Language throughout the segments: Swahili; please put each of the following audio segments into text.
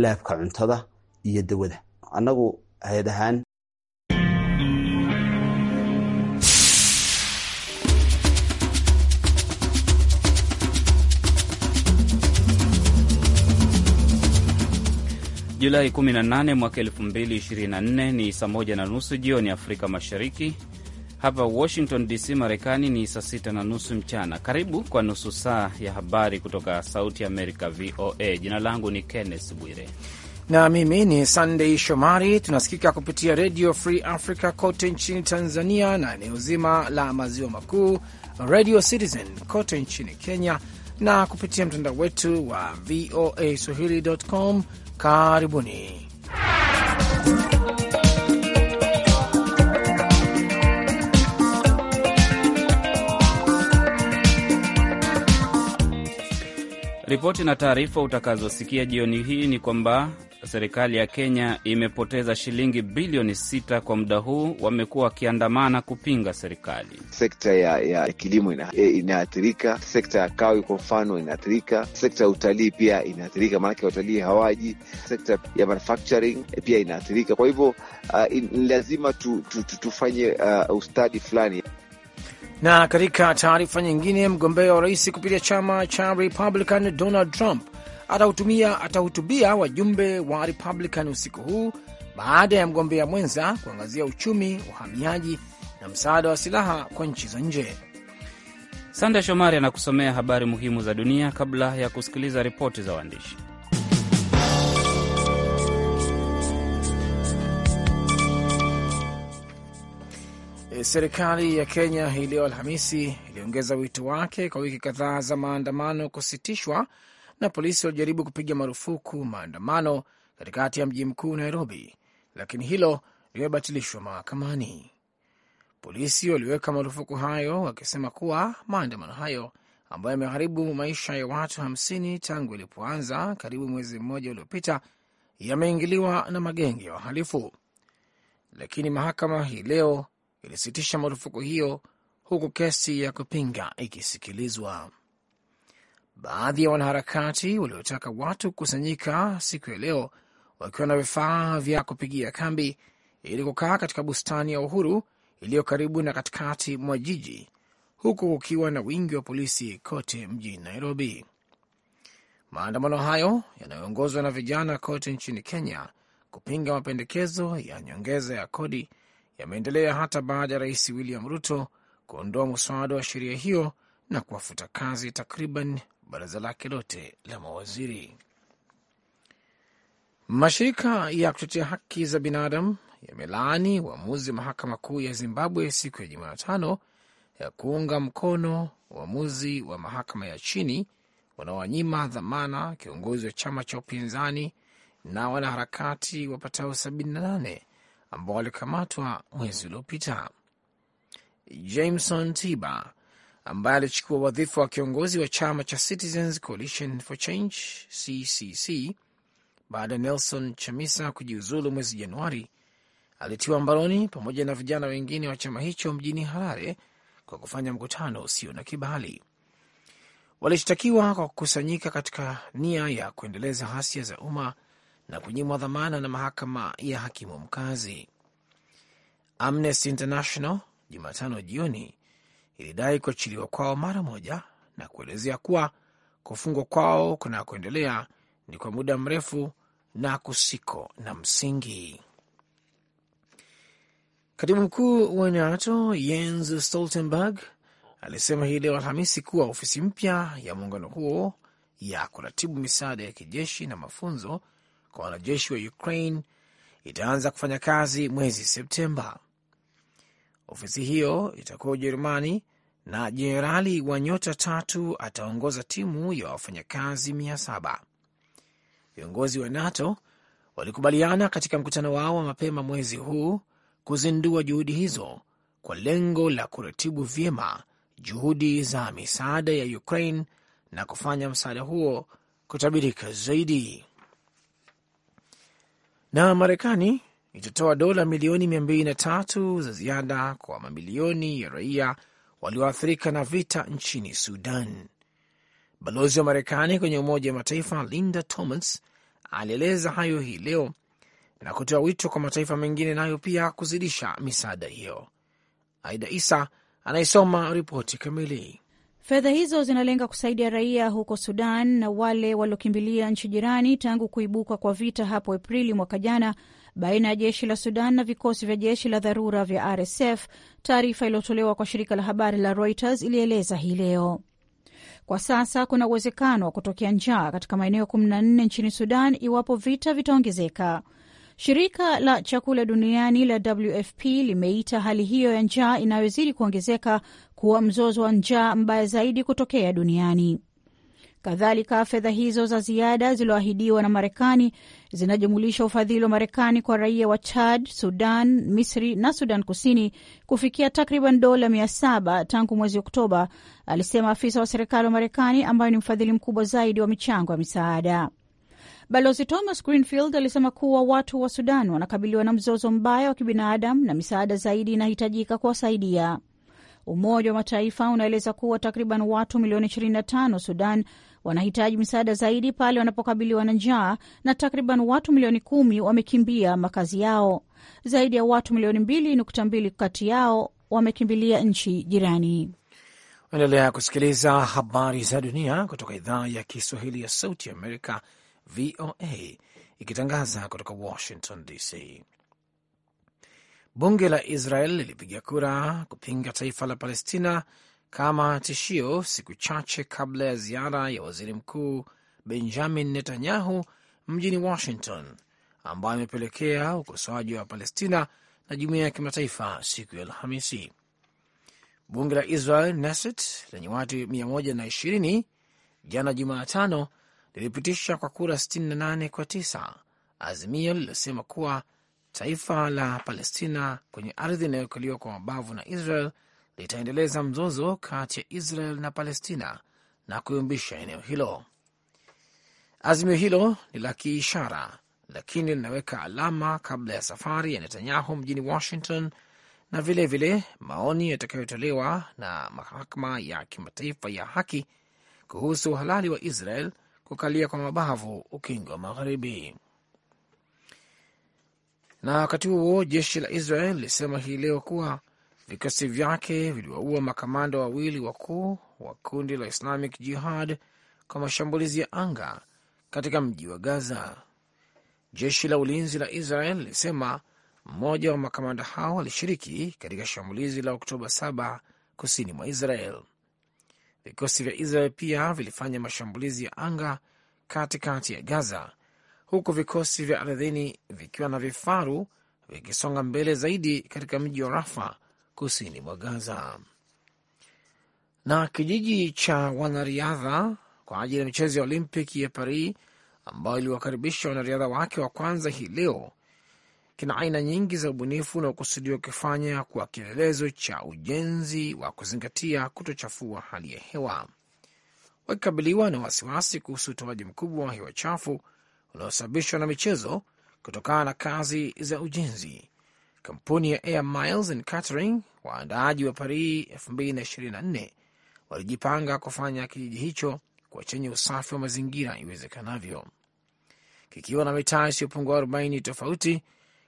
laabka cuntada iyo dawada anagu hayad ahaan Julai 18 mwaka 2024 ni saa moja na nusu jioni Afrika Mashariki Hapa Washington DC, Marekani ni saa sita na nusu mchana. Karibu kwa nusu saa ya habari kutoka Sauti Amerika, VOA. Jina langu ni Kenneth Bwire na mimi ni sandei Shomari. Tunasikika kupitia Redio Free Africa kote nchini Tanzania na eneo zima la maziwa makuu, Radio Citizen kote nchini Kenya na kupitia mtandao wetu wa VOA swahili.com. Karibuni Ripoti na taarifa utakazosikia jioni hii ni kwamba serikali ya Kenya imepoteza shilingi bilioni sita kwa muda huu, wamekuwa wakiandamana kupinga serikali. Sekta ya, ya kilimo eh, inaathirika, ina sekta ya kawi kwa mfano inaathirika, sekta ya utalii pia inaathirika, maanake watalii hawaji, sekta ya manufacturing eh, pia inaathirika. Kwa hivyo uh, in, lazima tu, tu, tu, tufanye uh, ustadi fulani. Na katika taarifa nyingine, mgombea wa rais kupitia chama cha Republican Donald Trump atahutubia atahutubia wajumbe wa Republican usiku huu baada ya mgombea mwenza kuangazia uchumi, uhamiaji na msaada wa silaha kwa nchi za nje. Sande Shomari anakusomea habari muhimu za dunia kabla ya kusikiliza ripoti za waandishi. Serikali ya Kenya hii leo Alhamisi iliongeza wito wake kwa wiki kadhaa za maandamano kusitishwa na polisi walijaribu kupiga marufuku maandamano katikati ya mji mkuu Nairobi, lakini hilo limebatilishwa mahakamani. Polisi waliweka marufuku hayo wakisema kuwa maandamano hayo ambayo yameharibu maisha ya watu hamsini tangu yalipoanza karibu mwezi mmoja uliopita yameingiliwa na magenge ya wahalifu. Lakini mahakama hii leo ilisitisha marufuku hiyo huku kesi ya kupinga ikisikilizwa. Baadhi ya wanaharakati waliotaka watu kukusanyika siku ya leo wakiwa na vifaa vya kupigia kambi ili kukaa katika bustani ya Uhuru iliyo karibu na katikati mwa jiji, huku kukiwa na wingi wa polisi kote mjini Nairobi. Maandamano hayo yanayoongozwa na vijana kote nchini Kenya kupinga mapendekezo ya nyongeza ya kodi yameendelea hata baada ya rais William Ruto kuondoa mswada wa sheria hiyo na kuwafuta kazi takriban baraza lake lote la mawaziri. Mashirika ya kutetea haki za binadamu yamelaani uamuzi wa mahakama kuu ya Zimbabwe siku ya Jumatano ya kuunga mkono uamuzi wa mahakama ya chini wanaowanyima dhamana kiongozi wa chama cha upinzani na wanaharakati wapatao nane ambao walikamatwa mwezi uliopita. Jameson Tiba ambaye alichukua wadhifa wa kiongozi wa chama cha Citizens Coalition for Change CCC baada ya Nelson Chamisa kujiuzulu mwezi Januari, alitiwa mbaroni pamoja na vijana wengine wa chama hicho mjini Harare kwa kufanya mkutano usio na kibali. Walishtakiwa kwa kukusanyika katika nia ya kuendeleza ghasia za umma na kunyimwa dhamana na mahakama ya hakimu mkazi. Amnesty International Jumatano jioni ilidai kuachiliwa kwao mara moja na kuelezea kuwa kufungwa kwao kunakoendelea ni kwa muda mrefu na kusiko na msingi. Katibu mkuu wa NATO Jens Stoltenberg alisema hii leo Alhamisi kuwa ofisi mpya ya muungano huo ya kuratibu misaada ya kijeshi na mafunzo kwa wanajeshi wa Ukraine itaanza kufanya kazi mwezi Septemba. Ofisi hiyo itakuwa Ujerumani na jenerali wa nyota tatu ataongoza timu ya wafanyakazi mia saba. Viongozi wa NATO walikubaliana katika mkutano wao wa mapema mwezi huu kuzindua juhudi hizo kwa lengo la kuratibu vyema juhudi za misaada ya Ukraine na kufanya msaada huo kutabirika zaidi. Na Marekani itatoa dola milioni tatu za ziada kwa mamilioni ya raia walioathirika na vita nchini Sudan. Balozi wa Marekani kwenye Umoja wa Mataifa Linda Thomas alieleza hayo hii leo na kutoa wito kwa mataifa mengine nayo pia kuzidisha misaada hiyo. Aida Isa anaisoma ripoti kamili. Fedha hizo zinalenga kusaidia raia huko Sudan na wale waliokimbilia nchi jirani tangu kuibuka kwa vita hapo Aprili mwaka jana baina ya jeshi la Sudan na vikosi vya jeshi la dharura vya RSF. Taarifa iliyotolewa kwa shirika la habari la Reuters ilieleza hii leo. Kwa sasa kuna uwezekano wa kutokea njaa katika maeneo 14 nchini Sudan iwapo vita vitaongezeka. Shirika la chakula duniani la WFP limeita hali hiyo ya njaa inayozidi kuongezeka kuwa mzozo wa njaa mbaya zaidi kutokea duniani. Kadhalika, fedha hizo za ziada zilizoahidiwa na Marekani zinajumulisha ufadhili wa Marekani kwa raia wa Chad, Sudan, Misri na Sudan Kusini kufikia takriban dola saba tangu mwezi Oktoba, alisema afisa wa serikali wa Marekani ambayo ni mfadhili mkubwa zaidi wa michango ya misaada. Balozi Thomas Greenfield alisema kuwa watu wa Sudan wanakabiliwa na mzozo mbaya wa kibinadamu na misaada zaidi inahitajika kuwasaidia. Umoja wa Mataifa unaeleza kuwa takriban watu milioni 25 Sudan wanahitaji misaada zaidi pale wanapokabiliwa na njaa na takriban watu milioni kumi wamekimbia makazi yao. Zaidi ya watu milioni mbili nukta mbili kati yao wamekimbilia nchi jirani. Endelea kusikiliza habari za dunia kutoka idhaa ya Kiswahili ya Sauti ya Amerika, VOA, ikitangaza kutoka Washington DC. Bunge la Israel lilipiga kura kupinga taifa la Palestina kama tishio siku chache kabla ya ziara ya waziri mkuu Benjamin Netanyahu mjini Washington, ambayo imepelekea ukosoaji wa Palestina na jumuiya ya kimataifa siku ya Alhamisi. Bunge la Israel Knesset lenye watu 120 jana Jumatano lilipitisha kwa kura 68 kwa 9 azimio lilosema kuwa taifa la Palestina kwenye ardhi inayokaliwa kwa mabavu na Israel litaendeleza mzozo kati ya Israel na Palestina na kuyumbisha eneo hilo. Azimio hilo ni la kiishara, lakini linaweka alama kabla ya safari ya Netanyahu mjini Washington na vilevile vile, maoni yatakayotolewa na mahakama ya kimataifa ya haki kuhusu uhalali wa Israel kukalia kwa mabavu ukingo wa magharibi. Na wakati huo jeshi la Israel lilisema hii leo kuwa vikosi vyake viliwaua makamanda wawili wakuu wa kundi la Islamic Jihad kwa mashambulizi ya anga katika mji wa Gaza. Jeshi la ulinzi la Israel lilisema mmoja wa makamanda hao alishiriki katika shambulizi la Oktoba 7 kusini mwa Israel. Vikosi vya Israel pia vilifanya mashambulizi ya anga katikati ya Gaza huku vikosi vya ardhini vikiwa na vifaru vikisonga mbele zaidi katika mji wa Rafa kusini mwa Gaza. Na kijiji cha wanariadha kwa ajili ya michezo ya Olimpiki ya Paris ambayo iliwakaribisha wanariadha wake wa kwanza hii leo kina aina nyingi za ubunifu unaokusudiwa kufanya kwa kielelezo cha ujenzi wa kuzingatia kutochafua hali ya hewa. Wakikabiliwa na wasiwasi kuhusu utoaji mkubwa wa hewa chafu unaosababishwa na michezo kutokana na kazi za ujenzi. Kampuni ya Air Miles and Catering, waandaaji wa Paris 2024 walijipanga kufanya kijiji hicho kwa chenye usafi wa mazingira iwezekanavyo. Kikiwa na mitaa isiyopungua 40 tofauti,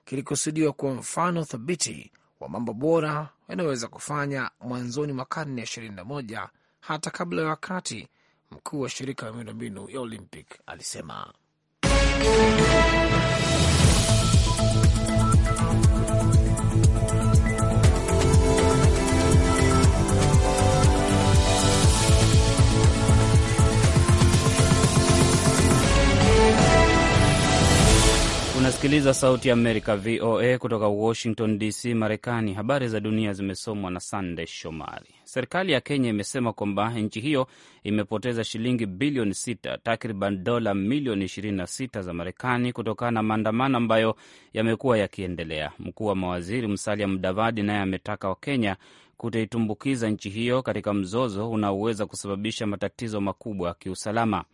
kilikusudiwa kuwa mfano thabiti wa mambo bora yanayoweza kufanya mwanzoni mwa karne ya 21 hata kabla ya wakati, mkuu wa shirika la miundombinu ya Olympic alisema. Unasikiliza sauti ya Amerika, VOA, kutoka Washington DC, Marekani. Habari za dunia zimesomwa na Sandey Shomari. Serikali ya Kenya imesema kwamba nchi hiyo imepoteza shilingi bilioni sita, takriban dola milioni 26 za Marekani kutokana na maandamano ambayo yamekuwa yakiendelea. Mkuu wa mawaziri Musalia Mudavadi naye ametaka Wakenya kutoitumbukiza nchi hiyo katika mzozo unaoweza kusababisha matatizo makubwa ya kiusalama.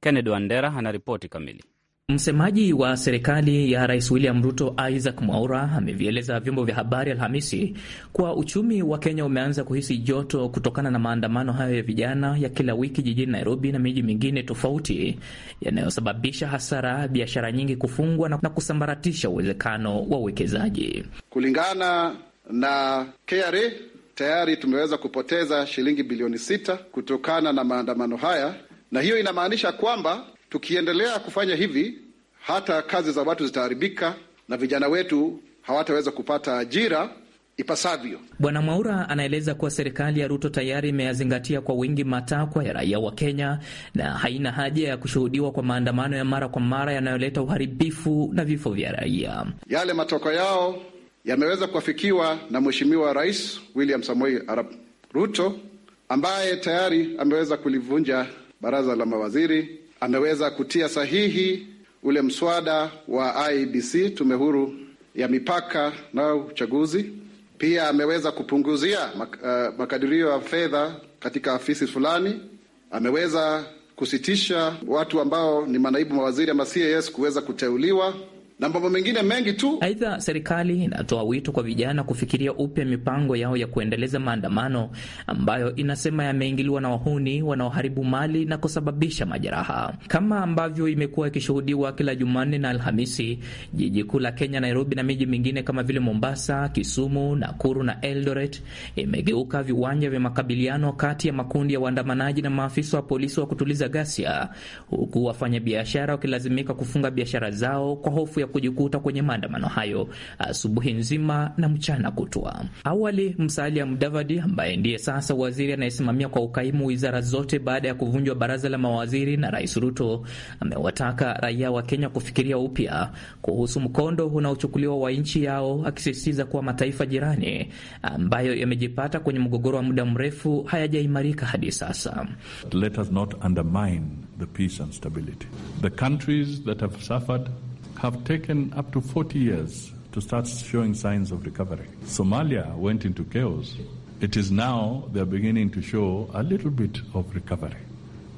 Kennedy Wandera anaripoti kamili. Msemaji wa serikali ya Rais William Ruto, Isaac Mwaura, amevieleza vyombo vya habari Alhamisi kuwa uchumi wa Kenya umeanza kuhisi joto kutokana na maandamano hayo ya vijana ya kila wiki jijini Nairobi na miji mingine tofauti, yanayosababisha hasara, biashara nyingi kufungwa na kusambaratisha uwezekano wa uwekezaji. Kulingana na KRA, tayari tumeweza kupoteza shilingi bilioni sita kutokana na maandamano haya, na hiyo inamaanisha kwamba Tukiendelea kufanya hivi, hata kazi za watu zitaharibika na vijana wetu hawataweza kupata ajira ipasavyo. Bwana Mwaura anaeleza kuwa serikali ya Ruto tayari imeyazingatia kwa wingi matakwa ya raia wa Kenya na haina haja ya kushuhudiwa kwa maandamano ya mara kwa mara yanayoleta uharibifu na vifo vya raia. Yale matoko yao yameweza kuafikiwa na Mheshimiwa Rais William Samoei Arap Ruto ambaye tayari ameweza kulivunja baraza la mawaziri ameweza kutia sahihi ule mswada wa ibc tume huru ya mipaka na uchaguzi. Pia ameweza kupunguzia eh, makadirio ya fedha katika afisi fulani. Ameweza kusitisha watu ambao ni manaibu mawaziri ama CAS kuweza kuteuliwa na mambo mengine mengi tu. Aidha, serikali inatoa wito kwa vijana kufikiria upya mipango yao ya kuendeleza maandamano ambayo inasema yameingiliwa na wahuni wanaoharibu mali na kusababisha majeraha, kama ambavyo imekuwa ikishuhudiwa kila Jumanne na Alhamisi jiji kuu la Kenya, Nairobi, na miji mingine kama vile Mombasa, Kisumu, Nakuru na Eldoret imegeuka viwanja vya makabiliano kati ya makundi ya waandamanaji na maafisa wa polisi wa kutuliza ghasia, huku wafanyabiashara wakilazimika kufunga biashara zao kwa hofu ya kujikuta kwenye maandamano hayo asubuhi nzima na mchana kutwa. Awali, Musalia Mudavadi ambaye ndiye sasa waziri anayesimamia kwa ukaimu wizara zote baada ya kuvunjwa baraza la mawaziri na Rais Ruto, amewataka raia wa Kenya kufikiria upya kuhusu mkondo unaochukuliwa wa nchi yao, akisisitiza kuwa mataifa jirani ambayo yamejipata kwenye mgogoro wa muda mrefu hayajaimarika hadi sasa. Let us not undermine the peace and stability. The countries that have suffered have taken up to 40 years to start showing signs of recovery. Somalia went into chaos. It is now they're beginning to show a little bit of recovery.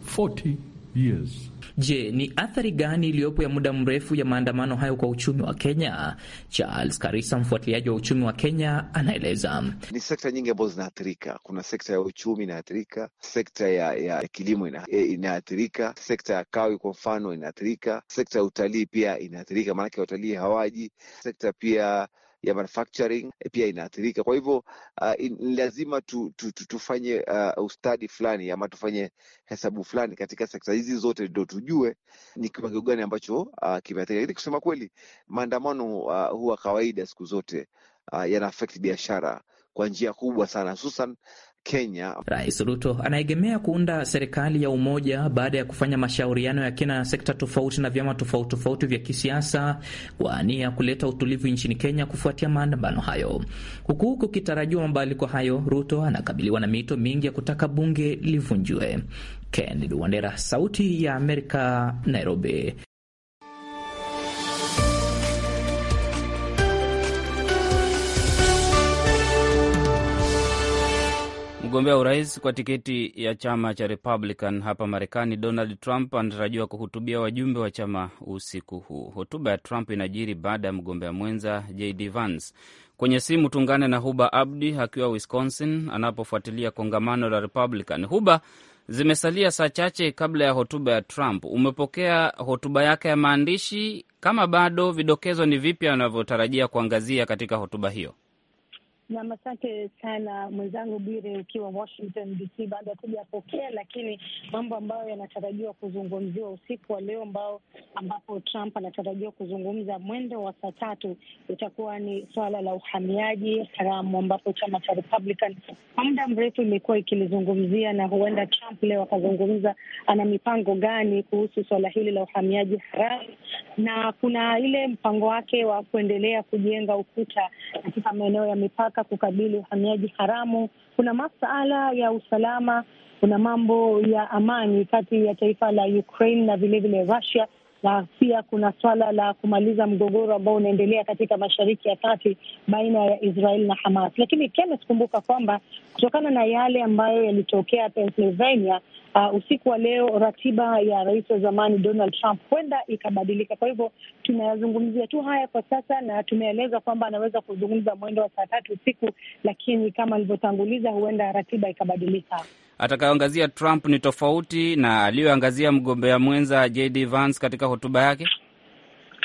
40 years Je, ni athari gani iliyopo ya muda mrefu ya maandamano hayo kwa uchumi wa Kenya? Charles Karisa, mfuatiliaji wa uchumi wa Kenya, anaeleza. Ni sekta nyingi ambazo zinaathirika. Kuna sekta ya uchumi inaathirika, sekta ya, ya kilimo ina, eh, inaathirika, sekta ya kawi kwa mfano inaathirika, sekta ya utalii pia inaathirika, maanake watalii hawaji, sekta pia ya manufacturing eh, pia inaathirika. Kwa hivyo uh, in, lazima tu, tu, tu, tufanye uh, ustadi fulani ama tufanye hesabu fulani katika sekta hizi zote, ndo tujue ni kiwango gani ambacho uh, kimeathirika. Lakini kusema kweli, maandamano uh, huwa kawaida siku zote uh, yana affect biashara kwa njia kubwa sana hususan Kenya. Rais Ruto anaegemea kuunda serikali ya umoja baada ya kufanya mashauriano ya kina ya sekta tofauti na vyama tofauti tofauti vya kisiasa kwa nia ya kuleta utulivu nchini Kenya kufuatia maandamano hayo. Huku kukitarajiwa mabadiliko hayo, Ruto anakabiliwa na miito mingi ya kutaka bunge livunjwe. Kennedy Wandera, Sauti ya Amerika, Nairobi. Mgombea urais kwa tiketi ya chama cha Republican hapa Marekani, Donald Trump anatarajiwa kuhutubia wajumbe wa chama usiku huu. Hotuba ya Trump inajiri baada ya mgombea mwenza JD Vance. Kwenye simu tungane na Huba Abdi akiwa Wisconsin anapofuatilia kongamano la Republican. Huba, zimesalia saa chache kabla ya hotuba ya Trump. Umepokea hotuba yake ya maandishi? Kama bado, vidokezo ni vipi anavyotarajia kuangazia katika hotuba hiyo? Nam, asante sana mwenzangu Bwire ukiwa Washington DC. Bado hatujapokea lakini mambo ambayo yanatarajiwa kuzungumziwa usiku wa leo ambao ambapo Trump anatarajiwa kuzungumza mwendo wa saa tatu itakuwa ni swala la uhamiaji haramu, ambapo chama cha Republican kwa muda mrefu imekuwa ikilizungumzia, na huenda Trump leo akazungumza ana mipango gani kuhusu swala hili la uhamiaji haramu, na kuna ile mpango wake wa kuendelea kujenga ukuta katika maeneo ya mipaka katika kukabili uhamiaji haramu, kuna masala ya usalama, kuna mambo ya amani kati ya taifa la Ukraine na vilevile Russia na pia kuna swala la kumaliza mgogoro ambao unaendelea katika Mashariki ya Kati baina ya Israel na Hamas. Lakini Kenneth, kumbuka kwamba kutokana na yale ambayo yalitokea Pennsylvania Uh, usiku wa leo ratiba ya rais wa zamani Donald Trump huenda ikabadilika. Kwa hivyo tunayazungumzia tu haya kwa sasa, na tumeeleza kwamba anaweza kuzungumza mwendo wa saa tatu usiku, lakini kama alivyotanguliza, huenda ratiba ikabadilika atakayoangazia Trump ni tofauti na aliyoangazia mgombea mwenza JD Vance katika hotuba yake?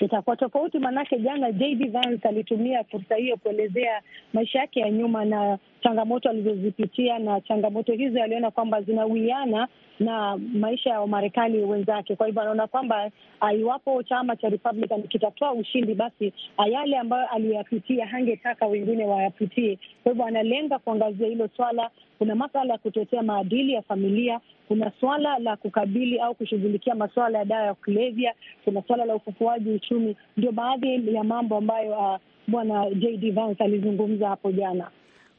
Itakuwa tofauti, maanake jana JD Vance alitumia fursa hiyo kuelezea maisha yake ya nyuma na changamoto alizozipitia, na changamoto hizo aliona kwamba zinawiana na maisha ya Wamarekani wenzake. Kwa hivyo anaona kwamba ah, iwapo chama cha Republican kitatoa ushindi, basi ah, yale ambayo aliyapitia hangetaka wengine wayapitie. Kwa hivyo analenga kuangazia hilo swala. Kuna masala ya kutetea maadili ya familia, kuna swala la kukabili au kushughulikia masuala ya dawa ya kulevya, kuna swala la ufufuaji uchumi. Ndio baadhi ya mambo ambayo uh, bwana JD Vance alizungumza hapo jana.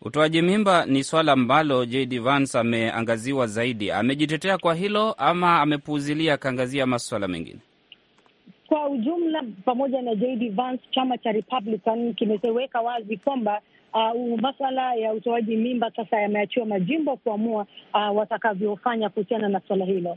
Utoaji mimba ni swala ambalo JD Vance ameangaziwa zaidi. Amejitetea kwa hilo ama amepuuzilia akaangazia maswala mengine? Kwa ujumla, pamoja na JD Vance, chama cha Republican kimeweka wazi kwamba Uh, maswala ya utoaji mimba sasa yameachiwa majimbo kuamua uh, watakavyofanya kuhusiana na swala hilo.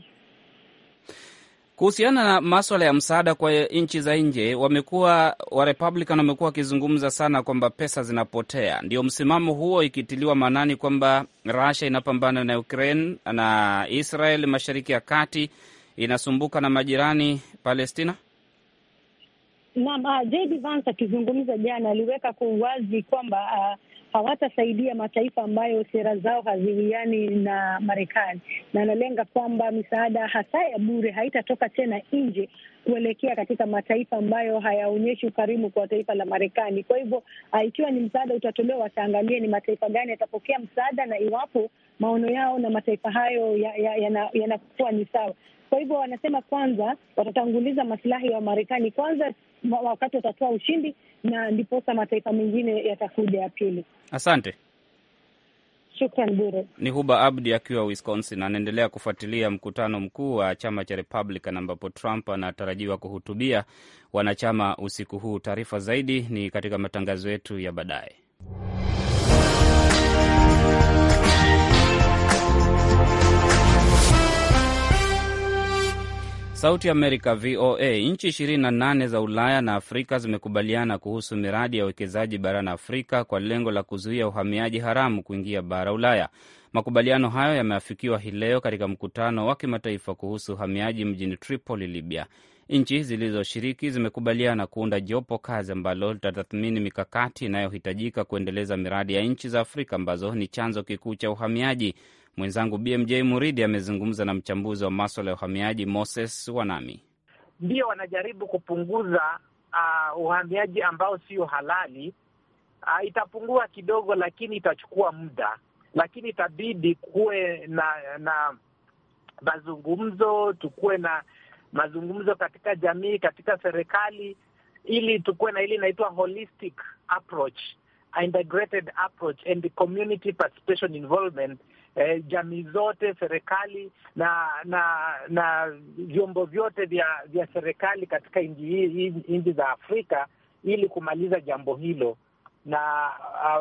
Kuhusiana na maswala ya msaada kwa nchi za nje, wamekuwa Warepublican wamekuwa wakizungumza sana kwamba pesa zinapotea. Ndio msimamo huo, ikitiliwa maanani kwamba Russia inapambana na Ukraine na Israel, mashariki ya kati inasumbuka na majirani Palestina. Naam, ah, JD Vance akizungumza jana aliweka kwa uwazi kwamba uh, hawatasaidia mataifa ambayo sera zao haziwiani na Marekani, na analenga kwamba misaada hasa ya bure haitatoka tena nje kuelekea katika mataifa ambayo hayaonyeshi ukarimu kwa taifa la Marekani. Kwa hivyo ah, ikiwa ni msaada utatolewa, wataangalie ni mataifa gani yatapokea msaada na iwapo maono yao na mataifa hayo yanakuwa ya, ya, ya ni sawa. Kwa hivyo wanasema kwanza watatanguliza masilahi ya marekani kwanza, wakati watatoa ushindi, na ndiposa mataifa mengine yatakuja ya pili. Asante. Shukran bure. Ni Huba Abdi akiwa Wisconsin, anaendelea kufuatilia mkutano mkuu wa chama cha Republican ambapo Trump anatarajiwa kuhutubia wanachama usiku huu. Taarifa zaidi ni katika matangazo yetu ya baadaye. Sauti ya Amerika, VOA. Nchi 28 za Ulaya na Afrika zimekubaliana kuhusu miradi ya uwekezaji barani Afrika kwa lengo la kuzuia uhamiaji haramu kuingia bara Ulaya. Makubaliano hayo yameafikiwa hii leo katika mkutano wa kimataifa kuhusu uhamiaji mjini Tripoli, Libya. Nchi zilizoshiriki zimekubaliana kuunda jopo kazi ambalo litatathmini mikakati inayohitajika kuendeleza miradi ya nchi za Afrika ambazo ni chanzo kikuu cha uhamiaji Mwenzangu BMJ Muridi amezungumza na mchambuzi wa maswala ya uhamiaji Moses Wanami. Ndio wanajaribu kupunguza uh, uhamiaji ambao sio halali. Uh, itapungua kidogo, lakini itachukua muda, lakini itabidi kuwe na na mazungumzo, tukuwe na mazungumzo katika jamii, katika serikali, ili tukuwe na ile inaitwa holistic approach, integrated approach and community participation involvement eh, jamii zote, serikali na na na vyombo vyote vya vya serikali katika nchi za Afrika ili kumaliza jambo hilo, na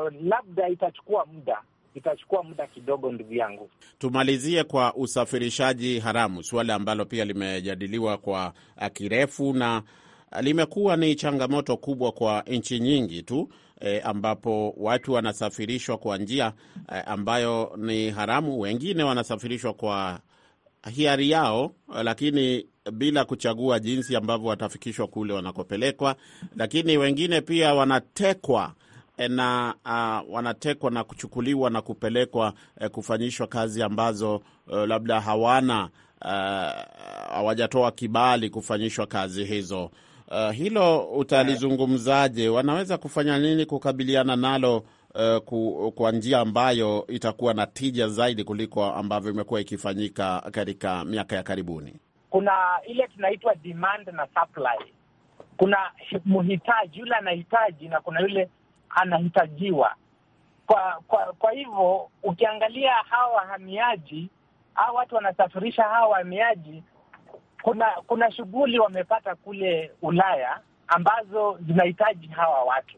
uh, labda itachukua muda itachukua muda kidogo, ndugu yangu. Tumalizie kwa usafirishaji haramu, suala ambalo pia limejadiliwa kwa kirefu na limekuwa ni changamoto kubwa kwa nchi nyingi tu e, ambapo watu wanasafirishwa kwa njia e, ambayo ni haramu. Wengine wanasafirishwa kwa hiari yao, lakini bila kuchagua jinsi ambavyo watafikishwa kule wanakopelekwa, lakini wengine pia wanatekwa eh, na uh, wanatekwa na kuchukuliwa na kupelekwa uh, kufanyishwa kazi ambazo uh, labda hawana hawajatoa uh, kibali kufanyishwa kazi hizo. Uh, hilo utalizungumzaje? Wanaweza kufanya nini kukabiliana nalo uh, kwa njia ambayo itakuwa na tija zaidi kuliko ambavyo imekuwa ikifanyika katika miaka ya karibuni? Kuna ile tunaitwa demand na supply. Kuna mhitaji yule anahitaji na kuna yule anahitajiwa. Kwa kwa, kwa hivyo ukiangalia hawa wahamiaji, au watu wanasafirisha hawa wahamiaji kuna kuna shughuli wamepata kule Ulaya ambazo zinahitaji hawa watu.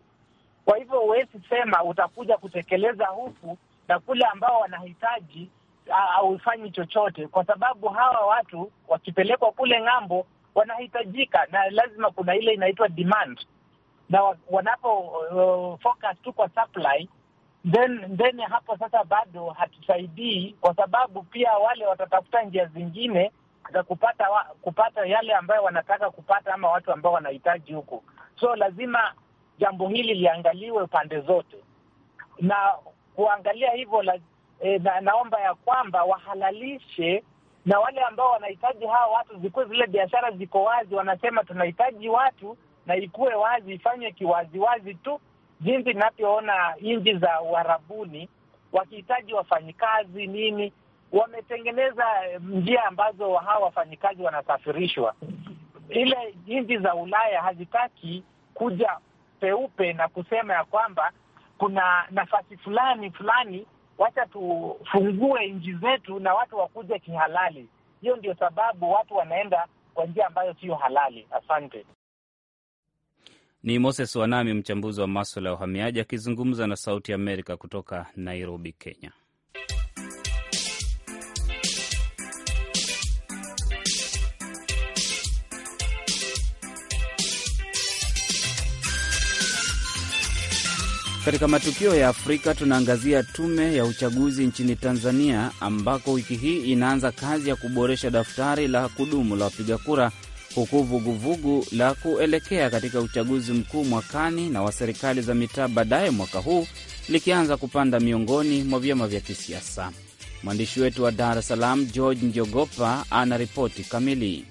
Kwa hivyo huwezi sema utakuja kutekeleza huku na kule ambao wanahitaji haufanyi chochote, kwa sababu hawa watu wakipelekwa kule ng'ambo wanahitajika, na lazima kuna ile inaitwa demand, na wanapo uh, focus tu kwa supply then then hapo sasa bado hatusaidii, kwa sababu pia wale watatafuta njia zingine kupata wa, kupata yale ambayo wanataka kupata ama watu ambao wanahitaji huko. So lazima jambo hili liangaliwe pande zote, na kuangalia hivyo la, e, na, naomba ya kwamba wahalalishe na wale ambao wanahitaji hawa watu, zikuwe zile biashara ziko wazi, wanasema tunahitaji watu na ikuwe wazi, ifanywe kiwaziwazi tu, jinsi inavyoona nchi za uharabuni wakihitaji wafanyikazi nini wametengeneza eh, njia ambazo hawa wafanyikazi wanasafirishwa. Ile nchi za Ulaya hazitaki kuja peupe na kusema ya kwamba kuna nafasi fulani fulani, wacha tufungue nchi zetu na watu wakuja kihalali. Hiyo ndio sababu watu wanaenda kwa njia ambayo siyo halali. Asante. Ni Moses Wanami, mchambuzi wa maswala ya uhamiaji, akizungumza na Sauti Amerika kutoka Nairobi, Kenya. Katika matukio ya Afrika tunaangazia tume ya uchaguzi nchini Tanzania, ambako wiki hii inaanza kazi ya kuboresha daftari la kudumu la wapiga kura, huku vuguvugu la kuelekea katika uchaguzi mkuu mwakani na wa serikali za mitaa baadaye mwaka huu likianza kupanda miongoni mwa vyama vya kisiasa. Mwandishi wetu wa Dar es Salaam George Njogopa ana ripoti kamili.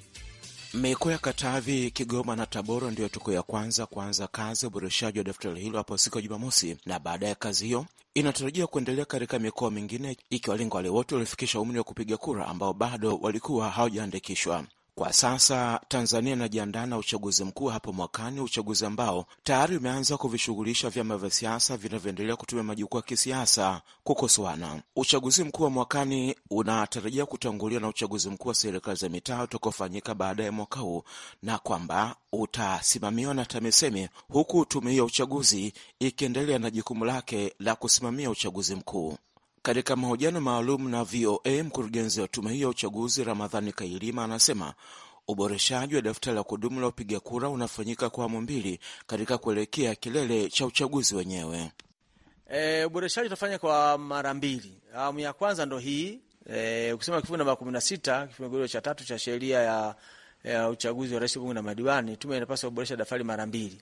Mikoa ya Katavi, Kigoma na Tabora ndiyo tuko ya kwanza kuanza kazi ya uboreshaji wa daftari hilo hapo siku ya Jumamosi, na baada ya kazi hiyo inatarajia kuendelea katika mikoa mingine, ikiwalenga wale wote waliofikisha umri wa kupiga kura ambao bado walikuwa hawajaandikishwa. Kwa sasa Tanzania inajiandaa na uchaguzi mkuu hapo mwakani, uchaguzi ambao tayari umeanza kuvishughulisha vyama vya siasa vinavyoendelea kutumia majukwaa ya kisiasa kukosoana. Uchaguzi mkuu wa mwakani unatarajia kutanguliwa na uchaguzi mkuu wa serikali za mitaa utakaofanyika baada ya mwaka huu na kwamba utasimamiwa na TAMISEMI, huku tume hiyo ya uchaguzi ikiendelea na jukumu lake la kusimamia uchaguzi mkuu. Katika mahojiano maalum na VOA, mkurugenzi wa tume hiyo ya uchaguzi Ramadhani Kailima anasema uboreshaji wa daftari la kudumu la wapiga kura unafanyika kwa awamu mbili katika kuelekea kilele cha uchaguzi wenyewe. E, uboreshaji utafanya kwa mara mbili. Awamu ya kwanza ndo hii e, ukisema kifungu namba kumi na sita kifungu kidogo cha tatu cha sheria ya, ya uchaguzi wa rais, bunge na madiwani, tume inapaswa kuboresha daftari mara mbili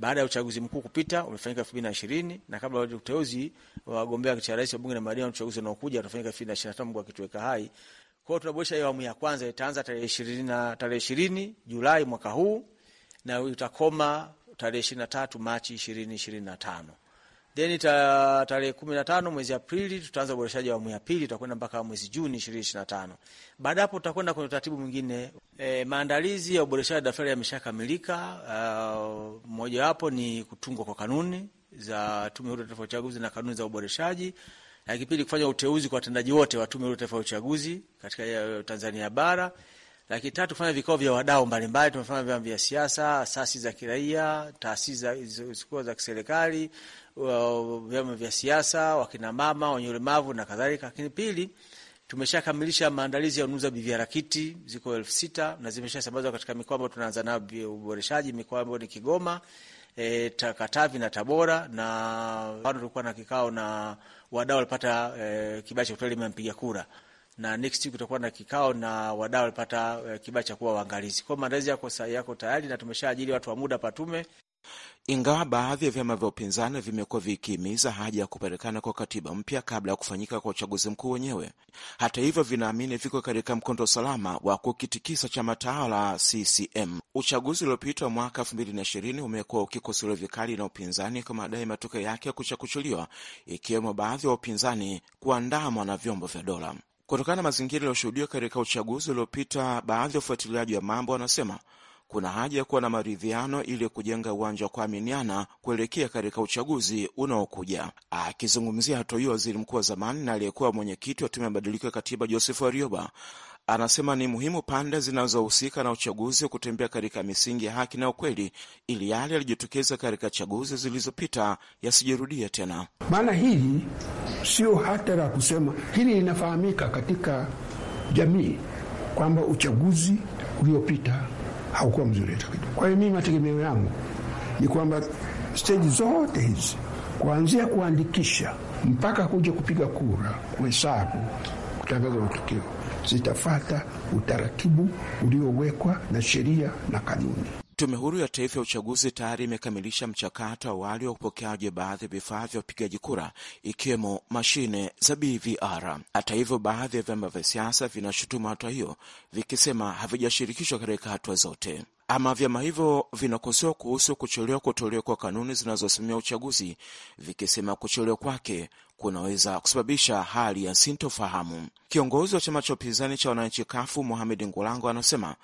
baada ya uchaguzi mkuu kupita umefanyika mbili na kabla ya uteuzi wa wagombea cha rais wa bunge na madiwani, uchaguzi unaokuja utafanyika na tano Mungu akituweka hai. Kwa hiyo tunaboresha awamu ya kwanza, itaanza tarehe ishirini na tarehe ishirini Julai mwaka huu na itakoma tarehe ishirini na tatu Machi ishirini ishirini na tano Deni ta, tarehe tano mwezi Aprili tutaanza uboreshaji wa awamu ya pili, tutakwenda mpaka mwezi Juni tano. Baada hapo tutakwenda kwenye utaratibu mwingine. E, maandalizi ya uboreshaji daftari yameshakamilika. Uh, mojawapo ni kutungwa kwa kanuni za Tume Huru ya Taifa ya Uchaguzi na kanuni za uboreshaji, lakipili kufanya uteuzi kwa watendaji wote wa Tume Huru ya Taifa ya Uchaguzi katika Tanzania bara. Lakini tatu, kufanya vikao vya wadau mbalimbali. Tumefanya vyama vya siasa, asasi za kiraia, taasisi zisizokuwa za kiserikali, vyama vya siasa, wakinamama, wenye ulemavu na kadhalika. Lakini pili, tumeshakamilisha maandalizi ya ununuzi wa BVR kiti ziko elfu sita na zimeshasambazwa katika mikoa ambayo tunaanza nayo uboreshaji, mikoa ambayo ni Kigoma, e, Katavi na Tabora. Na pano tulikuwa na kikao na wadau walipata e, kibali cha kutoa elimu ya mpiga kura na next week tutakuwa na kikao na wadau walipata eh, kibali cha kuwa waangalizi. Kwa maandalizi yako yako tayari na tumeshaajiri watu wa muda patUME. Ingawa baadhi ya vyama vya upinzani vimekuwa vikihimiza haja ya kupatikana kwa katiba mpya kabla ya kufanyika kwa uchaguzi mkuu wenyewe, hata hivyo vinaamini viko katika mkondo salama wa kukitikisa chama tawala CCM. Uchaguzi uliopita wa mwaka 2020 umekuwa ukikosolewa vikali na upinzani kwa madai matokeo yake ya kuchakuchuliwa, ikiwemo baadhi ya upinzani kuandamwa na vyombo vya dola. Kutokana na mazingira yaliyoshuhudiwa katika uchaguzi uliopita, baadhi ya ufuatiliaji wa mambo wanasema kuna haja ya kuwa na maridhiano ili kujenga uwanja wa kuaminiana kuelekea katika uchaguzi unaokuja. Akizungumzia hatua hiyo, waziri mkuu wa zamani na aliyekuwa mwenyekiti wa tume ya mabadiliko ya katiba Joseph Warioba anasema ni muhimu pande zinazohusika na uchaguzi wa kutembea katika misingi ya haki na ukweli, ili yale yalijitokeza katika chaguzi zilizopita yasijirudia tena. Maana hili sio hata la kusema, hili linafahamika katika jamii kwamba uchaguzi uliopita haukuwa mzuri. Kwa hiyo mimi mategemeo yangu ni kwamba steji zote hizi kuanzia kuandikisha mpaka kuja kupiga kura, kuhesabu, kutangaza matokeo zitafata utaratibu uliowekwa na sheria na kanuni. Tume Huru ya Taifa ya Uchaguzi tayari imekamilisha mchakato awali wa upokeaji baadhi ya vifaa vya upigaji kura ikiwemo mashine za BVR. Hata hivyo, baadhi ya vyama vya siasa vinashutumu hatua hiyo vikisema havijashirikishwa katika hatua zote ama vyama hivyo vinakosoa kuhusu kuchelewa kutolewa kwa kanuni zinazosimamia uchaguzi, vikisema kuchelewa kwake kunaweza kusababisha hali ya sintofahamu. Kiongozi wa chama cha upinzani cha wananchi Kafu, Mohamed Ngulango, anasema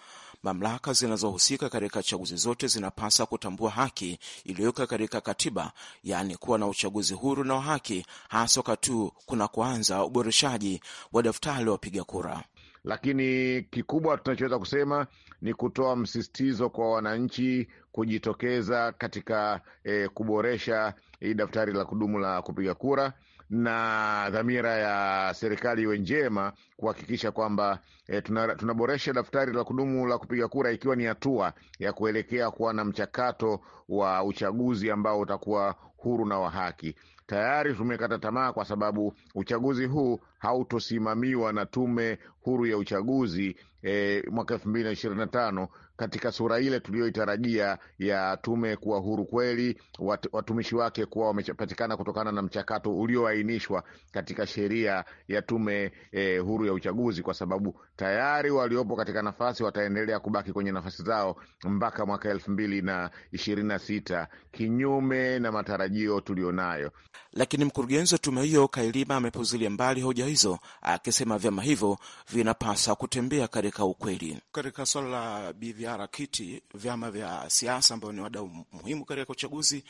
mamlaka zinazohusika katika chaguzi zote zinapasa kutambua haki iliyoweka katika katiba, yaani kuwa na uchaguzi huru na wa haki, hasa wakati kuna kuanza uboreshaji wa daftari la wapiga kura lakini kikubwa tunachoweza kusema ni kutoa msisitizo kwa wananchi kujitokeza katika e, kuboresha hii daftari la kudumu la kupiga kura na dhamira ya serikali iwe njema kuhakikisha kwamba e, tunaboresha tuna daftari la kudumu la kupiga kura, ikiwa ni hatua ya kuelekea kuwa na mchakato wa uchaguzi ambao utakuwa huru na wa haki tayari tumekata tamaa kwa sababu uchaguzi huu hautosimamiwa na tume huru ya uchaguzi e, mwaka elfu mbili na ishirini na tano katika sura ile tuliyoitarajia ya tume kuwa huru kweli, wat, watumishi wake kuwa wamepatikana kutokana na mchakato ulioainishwa katika sheria ya tume e, huru ya uchaguzi, kwa sababu tayari waliopo katika nafasi wataendelea kubaki kwenye nafasi zao mpaka mwaka elfu mbili na ishirini na sita kinyume na matarajio tulionayo. Lakini mkurugenzi wa tume hiyo Kailima amepuzilia mbali hoja hizo, akisema vyama hivyo vinapaswa kutembea katika ukweli katika swala la bidhi kuviharakiti vyama vya siasa ambao ni wadau muhimu katika uchaguzi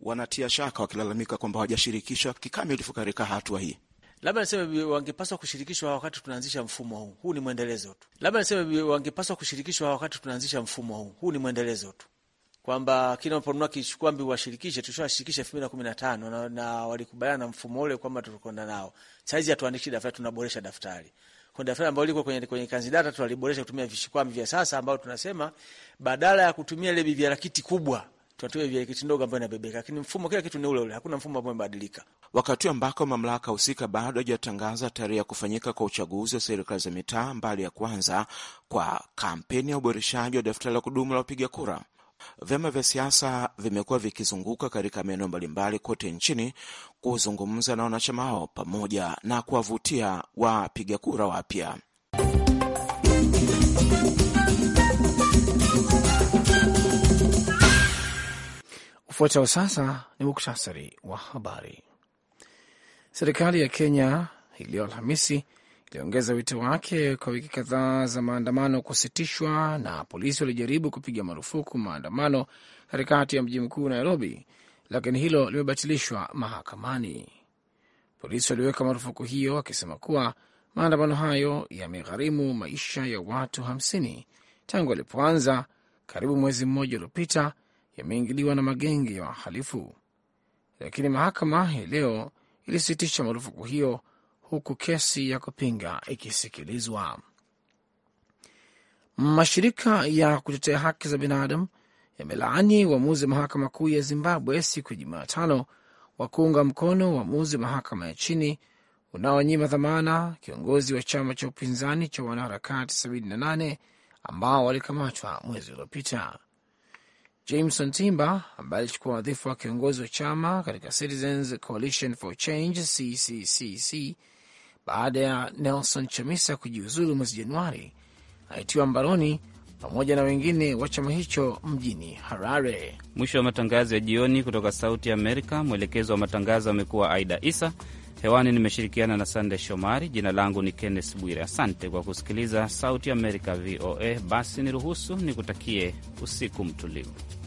wanatia shaka wakilalamika kwamba hawajashirikishwa kikamilifu katika hatua hii. Labda niseme wangepaswa kushirikishwa wakati tunaanzisha mfumo huu, huu ni mwendelezo tu. Labda niseme wangepaswa kushirikishwa wakati tunaanzisha mfumo huu, huu ni mwendelezo tu, kwamba kila mponua kichukwambi washirikishe. Tushawashirikisha elfu mbili na kumi na tano na walikubaliana na mfumo ule kwamba tulikwenda nao. Saizi hatuandishi daftari, tunaboresha daftari kuna daftari ambalo liko kwenye, kwenye kanzidata tunaliboresha kutumia vishikwambi vya sasa, ambayo tunasema badala ya kutumia ile biviarakiti kubwa tunatumia biviarakiti ndogo ambayo inabebeka, lakini mfumo kila kitu ni ule ule, hakuna mfumo ambao umebadilika. Wakati ambako mamlaka husika bado hajatangaza tarehe ya kufanyika kwa uchaguzi wa serikali za mitaa, mbali ya kwanza kwa kampeni ya uboreshaji wa daftari la kudumu la wapiga kura Vyama vya siasa vimekuwa vikizunguka katika maeneo mbalimbali kote nchini kuzungumza na wanachama hao pamoja na kuwavutia wapiga kura wapya. Ufuatao sasa ni muktasari wa habari. Serikali ya Kenya iliyo Alhamisi aliongeza wito wake kwa wiki kadhaa za maandamano kusitishwa, na polisi walijaribu kupiga marufuku maandamano katikati ya mji mkuu Nairobi, lakini hilo limebatilishwa mahakamani. Polisi waliweka marufuku hiyo wakisema kuwa maandamano hayo yamegharimu maisha ya watu hamsini tangu alipoanza karibu mwezi mmoja uliopita, yameingiliwa na magenge ya wahalifu, lakini mahakama hii leo ilisitisha marufuku hiyo huku kesi ya kupinga ikisikilizwa. Mashirika ya kutetea haki za binadamu yamelaani uamuzi wa mahakama kuu ya Zimbabwe siku ya Jumatano wa kuunga mkono uamuzi wa mahakama ya chini unaonyima dhamana kiongozi wa chama cha upinzani cha wanaharakati 78 ambao walikamatwa mwezi uliopita. Jameson Timba ambaye alichukua wadhifa wa kiongozi wa chama katika Citizens Coalition for Change CCCC baada ya Nelson Chamisa kujiuzulu mwezi Januari, alitiwa mbaroni pamoja na wengine wa chama hicho mjini Harare. Mwisho wa matangazo ya jioni kutoka Sauti Amerika. Mwelekezo wa matangazo amekuwa Aida Isa. Hewani nimeshirikiana na Sande Shomari. Jina langu ni kennes Bwire. Asante kwa kusikiliza Sauti Amerika, VOA. Basi niruhusu nikutakie usiku mtulivu.